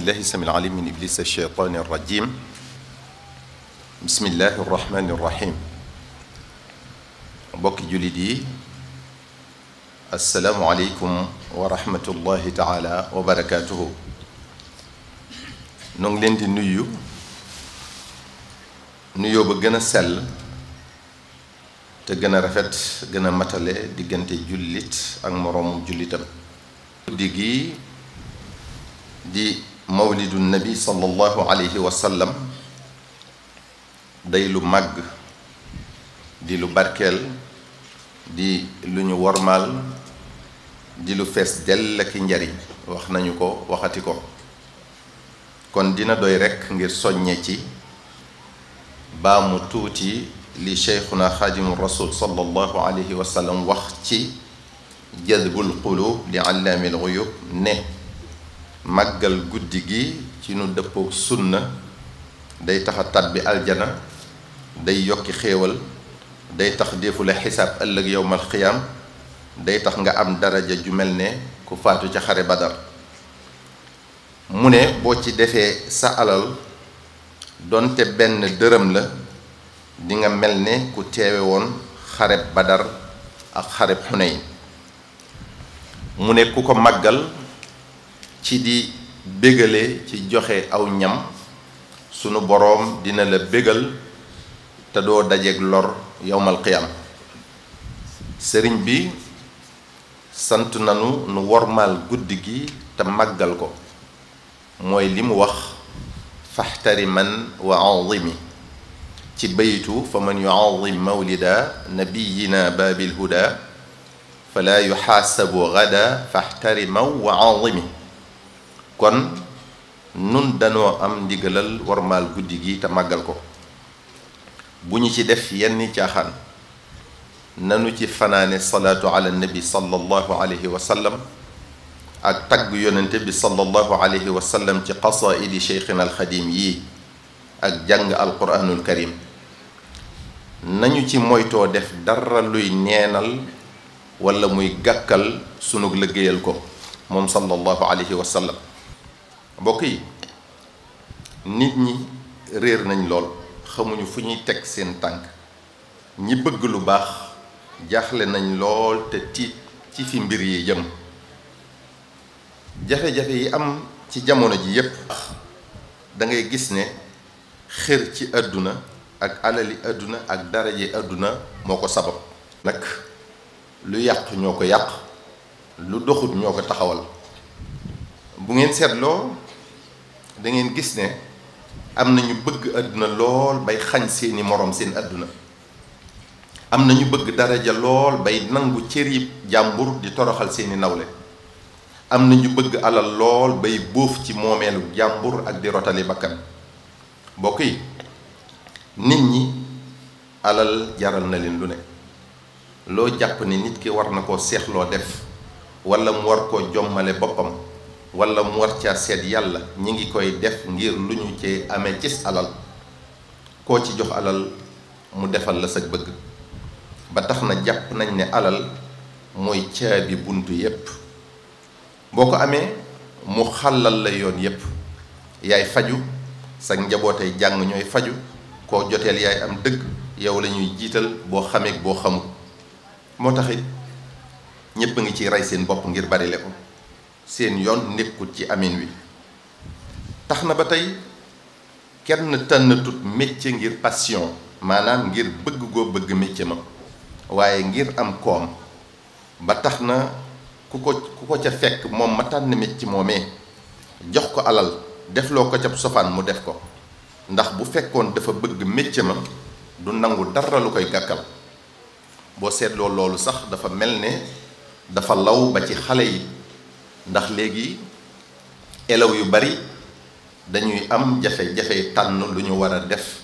بالله السميع العليم من إبليس الشيطان الرجيم بسم الله الرحمن الرحيم mbokki jullit yi asalaamualeykum wa rahmatullahi taala wa barakaatuhu noo ngi leen di nuyu nuyoo ba gën a sell te gën a rafet gën a matale diggante jullit ak moroomu jullitam guddi gi di مولد النبي صلى الله عليه وسلم دي لو مغ دي لو باركل دي لو ني ورمال دي لو فيس دل كي نجاري واخنا نيوكو واخاتيكو كون دينا دوي ريك غير سوغني با مو توتي لي شيخنا خادم الرسول صلى الله عليه وسلم واختي جذب القلوب لعلام الغيوب نه màggal guddi gi ci nu dëppook sunna day taxa a bi aljana day yokki xéewal day tax defu la xisaab ëllëg yowmal xiyaam day tax nga am daraja ju mel ne ku faatu ca xare badar mu ne boo ci defee sa alal doonte benn dërëm la dinga mel ne ku teewe woon xareb badar ak xareb xuneyn mu ne ku ko màggal ci di bégale ci joxe aw ñam sunu borom dina la bégal ta do dajé ak lor yowmal qiyam sëriñ bi sant nanu nu wormal guddi gi te màggal ko moy limu wax fahtariman wa azimi ci baytu faman man yuazim mawlida nabiyina babil huda فلا يحاسب غدا faxtarimaw wa kon nun dano am ndigalal warmal guddigi ta magal ko buñu ci def yenn caaxaan nanu ci fanane salatu ala nabi sallallahu alayhi wa sallam ak tag yonente bi sallallahu alayhi wa sallam ci qasaidi al khadim yi ak jàng alquranul karim nañu ci moyto def dara luy neenal wala muy gàkkal sunu liggéeyal ko mom sallallahu alayhi wa sallam mbokk yi nit ñi réer nañ lool xamuñu fu ñuy teg seen tànk ñi bëgg lu baax jaaxle nañ lool te tiit ci fi mbir yi jëm jafe-jafe yi am ci jamono ji yépp da ngay gis ne xër ci àdduna ak alali àdduna ak dara ji àdduna moo ko sabab nag lu yàq ñoo ko yàq lu doxut ñoo ko taxawal bu ngeen seetloo da ngeen gis ne am na ñu bëgg lool bay xañ seeni moroom seen àdduna am na ñu bëgg daraja lool bay nangu cëri jambur di toroxal seeni nawle am na ñu bëgg alal lool bay bóof ci moomeelu jambur ak di rotali bakkan mbokk nit ñi alal jaral na leen lu ne loo jàpp ne nit ki war def wala mu war koo jommale boppam walla mu war caa seet yàlla ñi ngi koy def ngir lu ñu ci amee cis alal koo ci jox alal mu defal la sag bëgg ba tax na jàpp nañ ne alal mooy caabi bunt yépp boo ko amee mu xàllal la yoon yépp yaay faju sa njabootay jàng ñooy faju koo joteel yaay am dëgg yow lañuy ñuy jiital boo xameek boo xamul moo taxit ñépp a ngi ci rey seen bopp ngir bari le ko seen yoon nekkul ci amin wi tax na ba tey kenn tànnatut métier ngir passion maanaam ngir bëgg goo bëgg métier ma waaye ngir am koom ba tax na ku ko ku ko ca fekk moom ma tànn métier moomee jox ko alal defloo ko ca sofaan mu def ko ndax bu fekkoon dafa bëgg métier ma du nangu dara lu koy gàkkal boo seetloo loolu sax dafa mel ne dafa law ba ci xale yi ndax léegi élèves yu bari dañuy am jafe-jafe tànn lu ñu war a def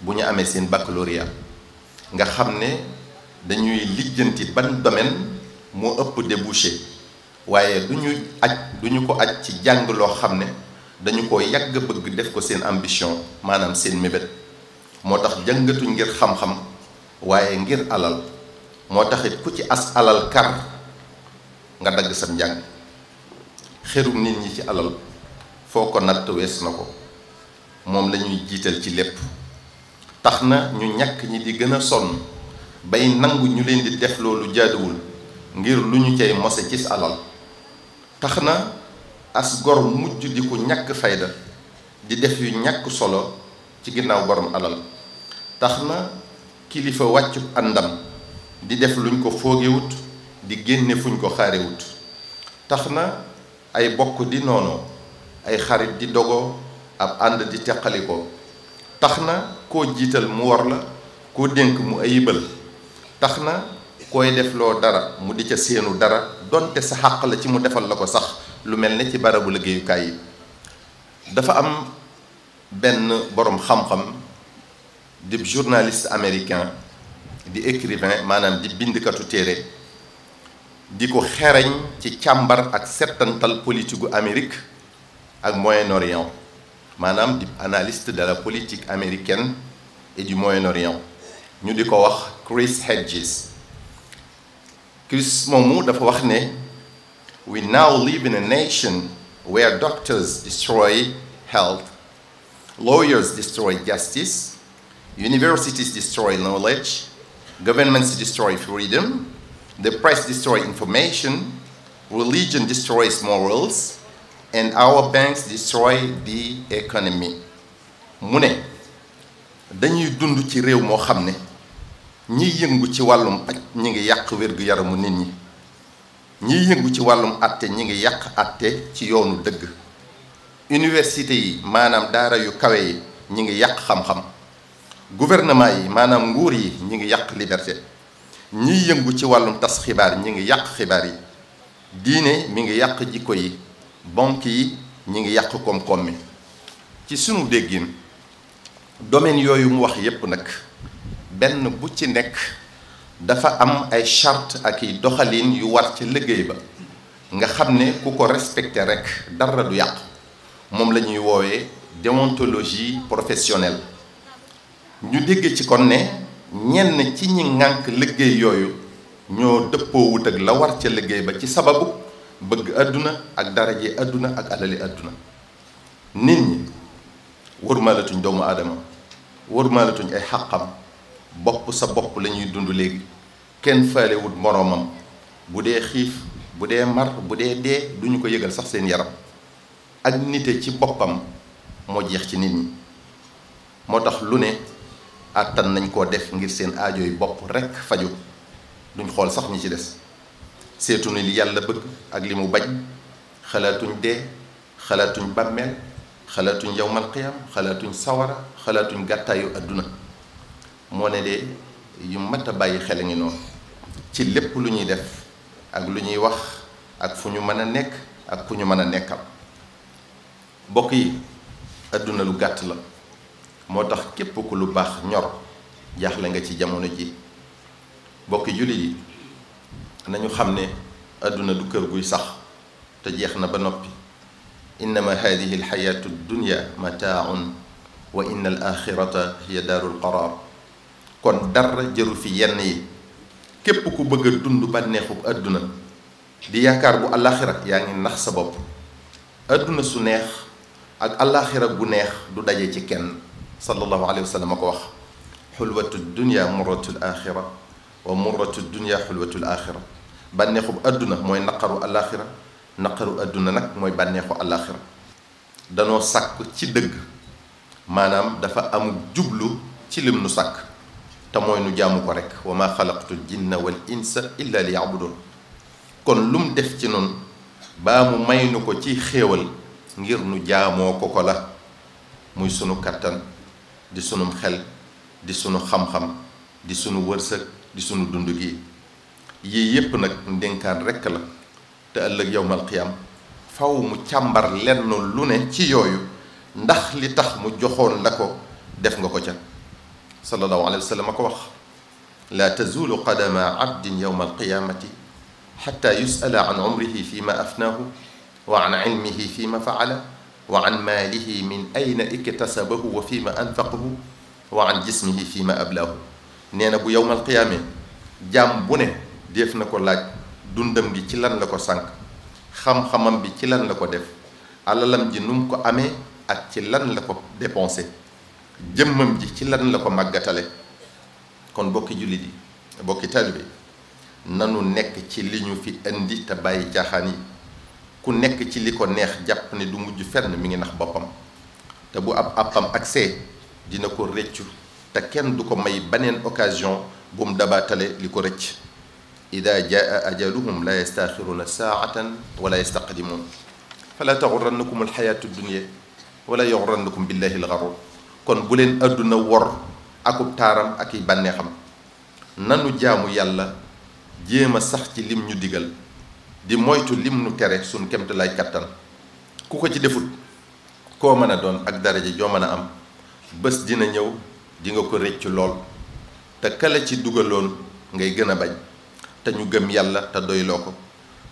bu ñu amee seen baccalauréat nga xam ne dañuy lijjanti ban domaine moo ëpp débouché waaye du ñu aj duñu ko aj ci jàng loo xam ne dañu ko yàgg bëgg def ko seen ambition maanaam seen mébét moo tax jëngatuñ ngir xam-xam waaye ngir alal moo taxit ku ci as alal kar nga dagg sam njàng xerum nit ñi ci alal foo ko natt wees na ko moom lañuy jiital ci lépp tax na ñu ñàkk ñi di gëna sonn bay nangu ñu leen di def loolu jaaduwul ngir lu ñu cay mose ci alal tax na as gor mujj di ko ñàkk fayda di def yu ñàkk solo ci ginnaaw borom alal tax na kilifa wàccu àndam di def luñ ko foogewut di génne fuñ ko xaarewut tax na ay bokk di noonu ay xarit di dogoo ab ànd di teqalikoo tax na koo jiital mu war la koo dénk mu ayibal tax na koy defloo dara mu di ca seenu dara donte sa xàq la ci mu defal la ko sax lu mel ni ci barabu liggéeyukaay yi dafa am benn boroom xam-xam di journaliste américain di écrivain maanaam di bindkatu téere diko ko xereñ ci càmbar ak settantal politique Amérique ak Moyen-Orient Madame di analyste de la politique américaine et du Moyen-Orient ñu diko wax Chris Hedges Chris moomu dafa wax né we now live in a nation where doctors destroy health lawyers destroy justice universities destroy knowledge governments destroy freedom The press destroys information, religion destroys morals, and our banks destroy the economy mu ne dañuy dund ci réew moo xam ne ñi yëngu ci wàllum paj ñi ngi yàq wér-gu-yaramu nit ñi ñiy yëngu ci wàllum àtte ñi ngi yàq atte ci yoonu dëgg université yi maanaam daara yu kawe yi ñi ngi yàq xam-xam gouvernement yi maanaam nguur yi ñi ngi yàq liberté ñi yëngu ci wàllum tas xibaar ñi ngi yàq xibaar yi diine mi ngi yàq jikko yi banque yi ñi ngi yàq koom-koom mi ci sunu déggin domaine yooyu mu wax yépp nag benn bu ci nekk dafa am ay charte ak i doxalin yu war ca liggéey ba nga xam ne ku ko respecté rek dara du yàq moom lañuy ñuy woowee déontologie professionnelle ñu dégg ci kon ne ñenn ci ñi ŋànk liggéey yooyu ñoo dëppoo wut ak la war ca liggéey ba ci sababu bëgg àdduna ak daraje àdduna ak alali àdduna nit ñi warmaalatuñ doomu aadama warmaalatuñ ay xàqam bopp sa bopp la dund léegi kenn faalewut moroomam bu dee xiif bu dee mar bu dee dee duñu ko yëgal sax seen yaram ak nite ci boppam moo jeex ci nit ñi moo tax lu ne atan nañ ko def ngir seen aajo yi bopp rek faju duñ xool sax ñi ci des seetuñu li yàlla bëgg ak li mu bañ xalaatuñ dee xalaatuñ bàmmeel xalaatuñ yawmal qiyaam xalaatuñ sawara xalaatuñ gàttaayu àdduna moo ne de yu mat a bàyyi xel ngi noonu ci lépp lu ñuy def ak lu ñuy wax ak fu ñu mën a nekk ak ku ñu mën a nekkal mbokk yi àdduna lu gàtt la motax kep ko lu bax ñor jaaxle nga ci jamono ji bokk julli yi nañu xamne aduna du kër guy sax te jeex na ba noppi hadhihi alhayatu ad dunya mata'un wa inna al axirata hiya darul qarar kon dar jëru fi yenn yi kep ku bëgg a dund bànneexub àdduna di yaakaar bu alaxira yaa ngi nax sa bop aduna su neex ak alaxira bu neex du daje ci kenn صلى الله عليه وسلم أقوخ حلوة الدنيا مرة الآخرة ومرة الدنيا حلوة الآخرة بنيخو أدنى موي نقروا الآخرة نقروا أدنى نك موي بنيخو الآخرة دانو ساك تي دغ مانام دافا ام جوبلو تي لم نو ساك تا موي نو جامو كو ريك وما خلقت الجن والانس الا ليعبدون كون لوم ديف تي نون بامو ماي نوكو تي خيوال غير نو جامو كو كولا موي سونو كاتان di sunu xel di sunu xam-xam di sunu wërseuk di sunu dundu gi yi yépp nak ndenkan rek la te ëlëk yowmal qiyam faaw mu ciambar lenn lu ne ci yoyu ndax li tax mu joxoon la ko def nga ko ca sallallahu alayhi wasallam ko wax la tazulu qadama abdin yawmal qiyamati xata yusala an umrihi fi ma afnaahu wa an ilmihi fi faala وعن ماله من أين اكتسبه وفيما أنفقه وعن جسمه فيما أبلاه نينا بو يوم القيامة جام بونه ديف نكو لاج دوندم جي تي لان لاكو سانك خام خامم بي تي لان لاكو ديف علالم جي نومكو امي اك تي لان لاكو ديبونسي جيمم جي تي لان لاكو ماغاتالي كون بوكي جولي دي بوكي تالبي نانو نيك تي لي ني في اندي تا باي جاخاني ku nekk ci li ko neex jàpp ne du mujj fenn mi ngi nax boppam te bu ab àppam accès dina ko rëccu te kenn du ko may beneen occasion bu mu dabaatale li ko rëcc ida jaa ajaluhum la yastaaxiruuna saatan wala yastaqdimuun fala taxurannakum alxayaatu dunia wala yaxurannakum billahi alxarur kon bu leen àdduna wor akub taaram ak i bànneexam nanu jaamu yàlla jéem a sax ci lim ñu digal di moytu lim nu tere suñ kemt lay kattan ku ko ci defut koo mën a doon ak daraja joo mën am bés dina ñëw dinga ko rëcc lool te kala ci dugaloon ngay gën a bañ te ñu gëm yàlla te doyloo ko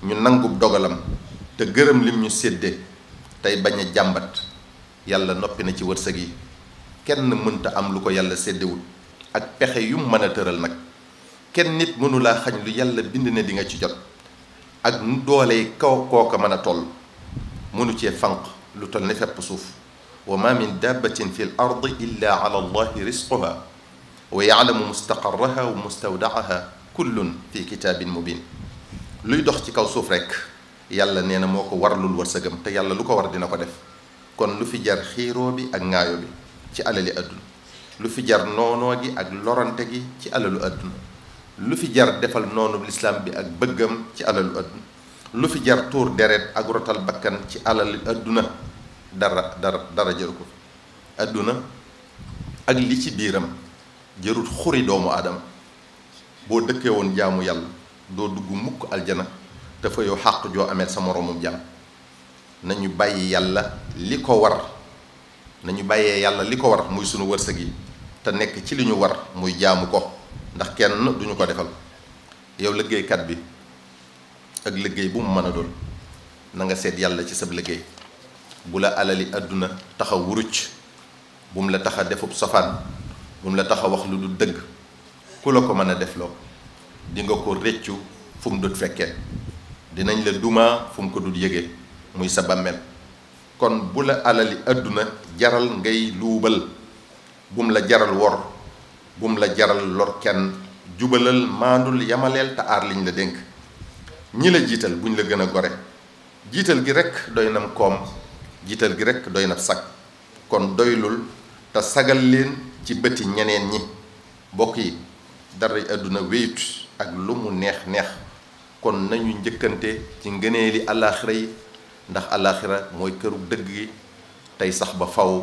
ñu nangub dogalam te gërëm lim ñu séddee tey bañ a jàmbat yàlla noppi na ci wërsëg yi kenn mënta am lu ko yàlla séddewul ak pexe yu mën a tëral nag kenn nit mënulaa xañ lu yàlla bind ne di nga ci jot ak nu dooley kaw kooka mën a toll mënu cee fanq lu toll ni fepp suuf wa ma min dabbatin fi l ardi illa ala allahi risquha wa yaalamu mustaqarraha wa mustawdaaha kullun fi kitaabin mubin luy dox ci kaw suuf rek yàlla nee na moo ko warlul wërsëgam te yàlla lu ko war dina ko def kon lu fi jar xiiroo bi ak ŋaayo bi ci alali àdduna lu fi jar noonoo gi ak lorante gi ci alalu àdduna lu fi jar defal noonu lislaam bi ak bëggam ci alalu àdduna fi jar tuur deret ak bakkan ci alalu àdduna dara dara dara jëru ko fi àdduna ak li ci biiram jërut xuri doomu aadama boo dëkkee woon jaamu yàlla doo dugg mukk aljana dafa yow xàq joo amee sa moroomum jaam nañu bàyyi yàlla li ko war nañu bàyyee yàlla li ko war muy sunu wërsëg yi te nekk ci li ñu war muy jaamu ko ndax kenn duñu ko defal yow liggéeykat bi ak liggéey bu mu mën a doon na nga seet yàlla ci sab liggéey bu la alali àdduna taxa wuruc bu mu la taxa defub safaan bu mu la taxa wax lu du dëgg ku la ko mën a defloo di nga ko rëccu fu mu dut fekkee dinañ la dumaa fu mu ko dut yëgee muy sa bàmmeel kon bu la alali àdduna jaral ngay luubal bu mu la jaral wor bum la jaral lor kenn jubalal maandul yamaleel te aar liñ la dénk ñi la jiital buñ la gën a gore jiital gi rekk doy nam koom jiital gi rekk doy na sag kon doylul te sagal leen ci bëti ñeneen ñi bokk yi dara àdduna wéyut ak lu mu neex neex kon nañu njëkkante ci ngëneeli àllaaxira yi ndax àllaaxira mooy këru dëgg gi tey sax ba faw